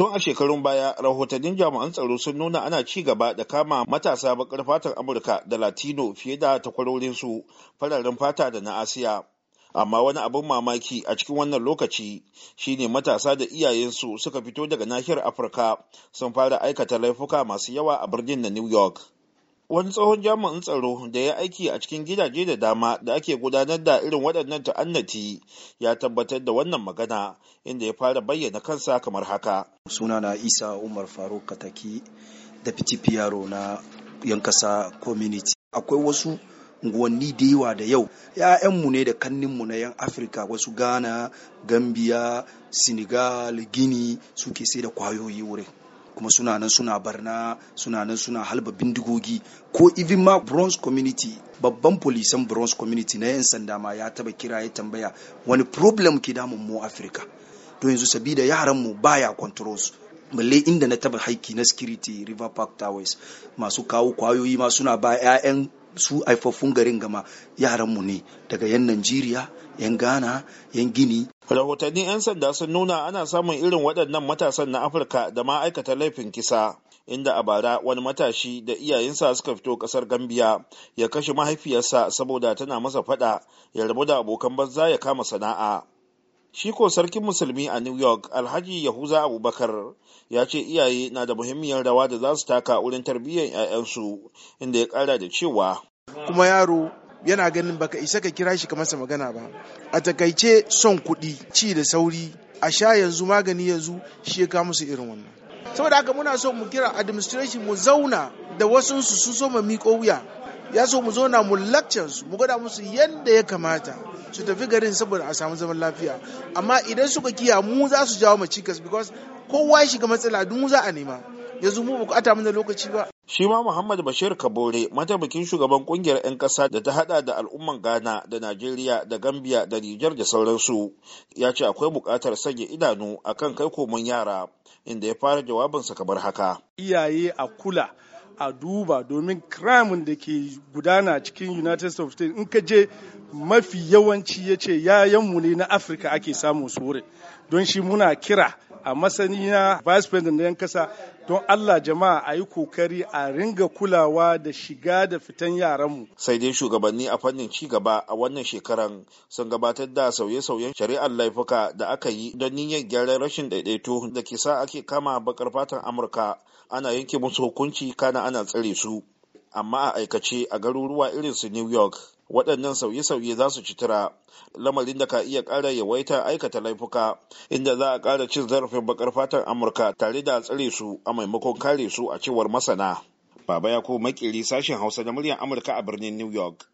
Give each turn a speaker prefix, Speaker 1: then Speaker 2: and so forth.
Speaker 1: Tun a shekarun baya, rahotannin jami'an tsaro sun nuna ana ci gaba da kama matasa bakar fatan Amurka da Latino fiye da takwarorinsu fararen fata da na Asiya. Amma wani abin mamaki a cikin wannan lokaci shine matasa da iyayensu suka fito daga nahiyar Afirka sun fara aikata laifuka masu yawa a birnin na New York. wani tsohon jami'in tsaro da ya aiki a cikin gidaje da dama da ake gudanar da irin waɗannan ta'annati ya tabbatar da wannan magana inda ya fara bayyana kansa kamar haka
Speaker 2: Suna na isa umar faruk kataki da piyaro na yankasa community akwai wasu unguwanni da yawa da yau ‘ya'yanmu ne da kanninmu na yan afirka wasu ghana gambia senegal guinea suke sai da kwayoyi wurin kuma suna nan suna barna suna nan suna halba bindigogi ko even ma bronze community babban polisan bronze community na 'yan sanda ma ya taba kira ya tambaya wani problem ke damun mu afirka to yanzu sabida yaran mu baya control su balle inda na taba haiki na security river park towers masu kawo kwayoyi ma suna ba 'ya'yan su haifaffun garin gama yaran mu ne daga 'yan Najeriya, 'yan Ghana, 'yan Gini rahotanni 'yan sanda sun nuna ana samun irin waɗannan matasan na
Speaker 1: afirka da ma'aikatan laifin kisa inda a bara wani matashi da iyayensa suka fito ƙasar gambia ya kashe mahaifiyarsa saboda tana masa faɗa ya rabu da abokan banza ya kama sana'a Shiko sarkin musulmi a new york alhaji yahuza abubakar ya ce iyaye na da muhimmiyar rawa da za su taka wurin tarbiyyar 'ya'yansu inda ya ƙara da cewa
Speaker 3: kuma yaro yana ganin baka isa ka kira shi ka masa magana ba a takaice son kuɗi ci da sauri a sha yanzu magani yanzu shi ya kawo musu irin wannan saboda haka muna so mu kira administration mu zauna da wasu su so mu miko wuya ya so mu zauna mu su mu gwada musu yadda ya kamata su tafi garin saboda a samu zaman lafiya amma idan suka kiya mu za su jawo mu cikas because kowa shiga matsala duk mu za a nema yanzu mu ata mana lokaci ba
Speaker 1: shi ma muhammad bashir kabore mataimakin shugaban kungiyar 'yan kasa da ta hada da al'umman ghana da najeriya da gambia da nijar da sauransu ya ce akwai buƙatar sanya idanu a kan kai komon yara inda ya fara jawabinsa kamar haka iyaye a kula a duba domin kramin
Speaker 4: da ke gudana cikin united states in ka je mafi yawanci ya ce yayanmu ne na afirka ake samun su don shi muna kira a masani na vice president na yan kasa don Allah jama'a a yi kokari a ringa kulawa da shiga
Speaker 1: da fitan yaranmu. Sai dai shugabanni a fannin ci gaba a wannan shekaran sun gabatar da sauye-sauyen shari'ar laifuka da aka yi don niyyar gyaran rashin daidaito da ke sa ake kama bakar fatan Amurka ana yanke musu hukunci kana ana tsare su. Amma a aikace a garuruwa irin su New York waɗannan sauye-sauye za su citira lamarin da ka iya ƙara yawaita aikata laifuka inda za a ƙara cin zarafin bakar fatan amurka tare da tsare su a maimakon kare su a cewar masana baba ya ko makiri sashen hausa da muryar amurka a birnin new york